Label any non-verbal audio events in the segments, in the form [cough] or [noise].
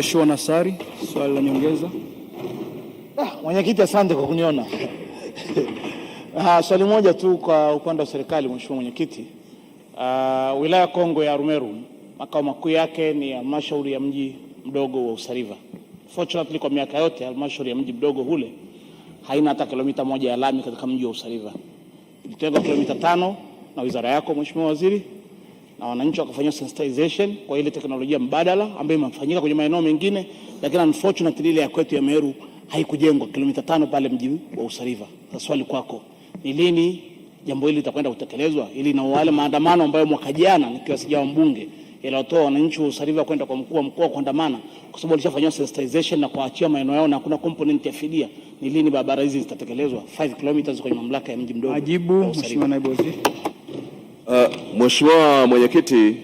Mheshimiwa Nasari, swali la nyongeza. Ah, mwenyekiti asante kwa kuniona. [laughs] Ah, swali moja tu kwa upande wa serikali Mheshimiwa mwenyekiti. Ah, wilaya kongwe ya Rumeru makao makuu yake ni halmashauri ya mji mdogo wa Usariva. Fortunately kwa miaka yote halmashauri ya mji mdogo hule haina hata kilomita moja ya lami katika mji wa Usariva. Ilitengwa kilomita tano na wizara yako Mheshimiwa Waziri na wananchi wakafanyiwa sensitization kwa ile teknolojia mbadala ambayo imefanyika kwenye maeneo mengine, lakini unfortunately ile ya kwetu ya Meru haikujengwa kilomita tano pale mji wa Usariva. Sasa swali kwako ni lini jambo hili litakwenda kutekelezwa, ili na wale maandamano ambayo mwaka jana nikiwa sijawa mbunge yaliwatoa wananchi wa Usariva kwenda kwa mkuu wa mkoa kuandamana, kwa sababu alishafanyiwa sensitization na kuachia maeneo yao na hakuna component ya fidia. Ni lini barabara hizi zitatekelezwa 5 kilometers kwenye mamlaka ya mji mdogo? Majibu, Mheshimiwa Naibu Waziri. Uh, Mheshimiwa Mwenyekiti,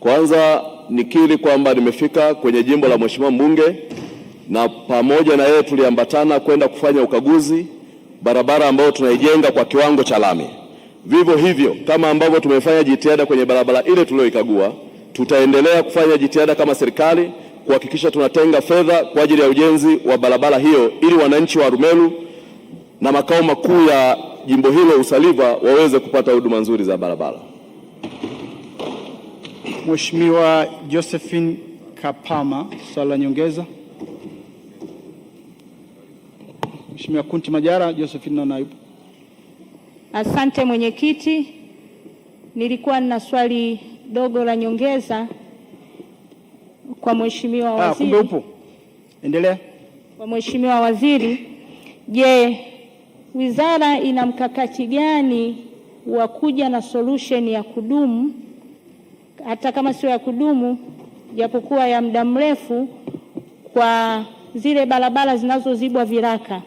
kwanza nikiri kwamba nimefika kwenye jimbo la Mheshimiwa mbunge na pamoja na yeye tuliambatana kwenda kufanya ukaguzi barabara ambayo tunaijenga kwa kiwango cha lami. Vivyo hivyo kama ambavyo tumefanya jitihada kwenye barabara ile tuliyoikagua, tutaendelea kufanya jitihada kama serikali kuhakikisha tunatenga fedha kwa ajili ya ujenzi wa barabara hiyo ili wananchi wa Rumelu na makao makuu ya jimbo hilo Usaliva waweze kupata huduma nzuri za barabara. Mheshimiwa Josephine Kapama, swali la nyongeza. Mheshimiwa Kunti Majara, Josephine na naibu. Asante mwenyekiti, nilikuwa na swali dogo la nyongeza kwa mheshimiwa waziri. Ah, kumbe upo. Endelea. Kwa mheshimiwa waziri, je, wizara ina mkakati gani wa kuja na solution ya kudumu, hata kama sio ya kudumu, japokuwa ya muda mrefu, kwa zile barabara zinazozibwa viraka,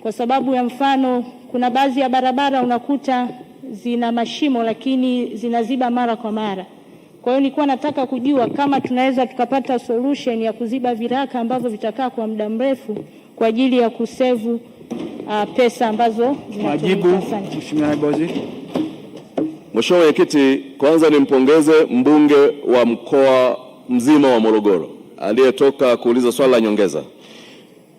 kwa sababu ya mfano, kuna baadhi ya barabara unakuta zina mashimo lakini zinaziba mara kwa mara. Kwa hiyo nilikuwa nataka kujua kama tunaweza tukapata solution ya kuziba viraka ambavyo vitakaa kwa muda mrefu kwa ajili ya kusevu uh, pesa ambazo majibu. Mheshimiwa Naibu Waziri. Mheshimiwa Mwenyekiti, kwanza nimpongeze mbunge wa mkoa mzima wa Morogoro aliyetoka kuuliza swala la nyongeza.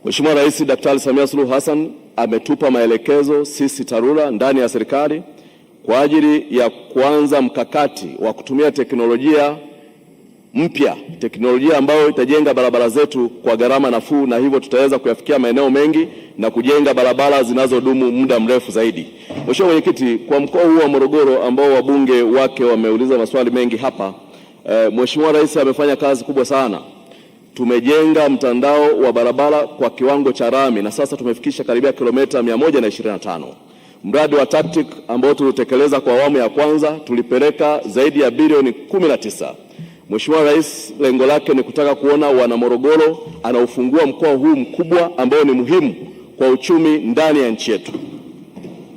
Mheshimiwa Rais Daktari Samia Suluhu Hassan ametupa maelekezo sisi TARURA ndani ya serikali kwa ajili ya kuanza mkakati wa kutumia teknolojia mpya, teknolojia ambayo itajenga barabara zetu kwa gharama nafuu, na hivyo tutaweza kuyafikia maeneo mengi na kujenga barabara zinazodumu muda mrefu zaidi. Mheshimiwa Mwenyekiti, kwa mkoa huu wa Morogoro ambao wabunge wake wameuliza maswali mengi hapa, e, Mheshimiwa Rais amefanya kazi kubwa sana. Tumejenga mtandao wa barabara kwa kiwango cha rami na sasa tumefikisha karibia kilomita 125. Mradi wa TACTIC ambao tulitekeleza kwa awamu ya kwanza tulipeleka zaidi ya bilioni 19 Mheshimiwa Rais lengo lake ni kutaka kuona wana Morogoro anaufungua mkoa huu mkubwa ambao ni muhimu kwa uchumi ndani ya nchi yetu.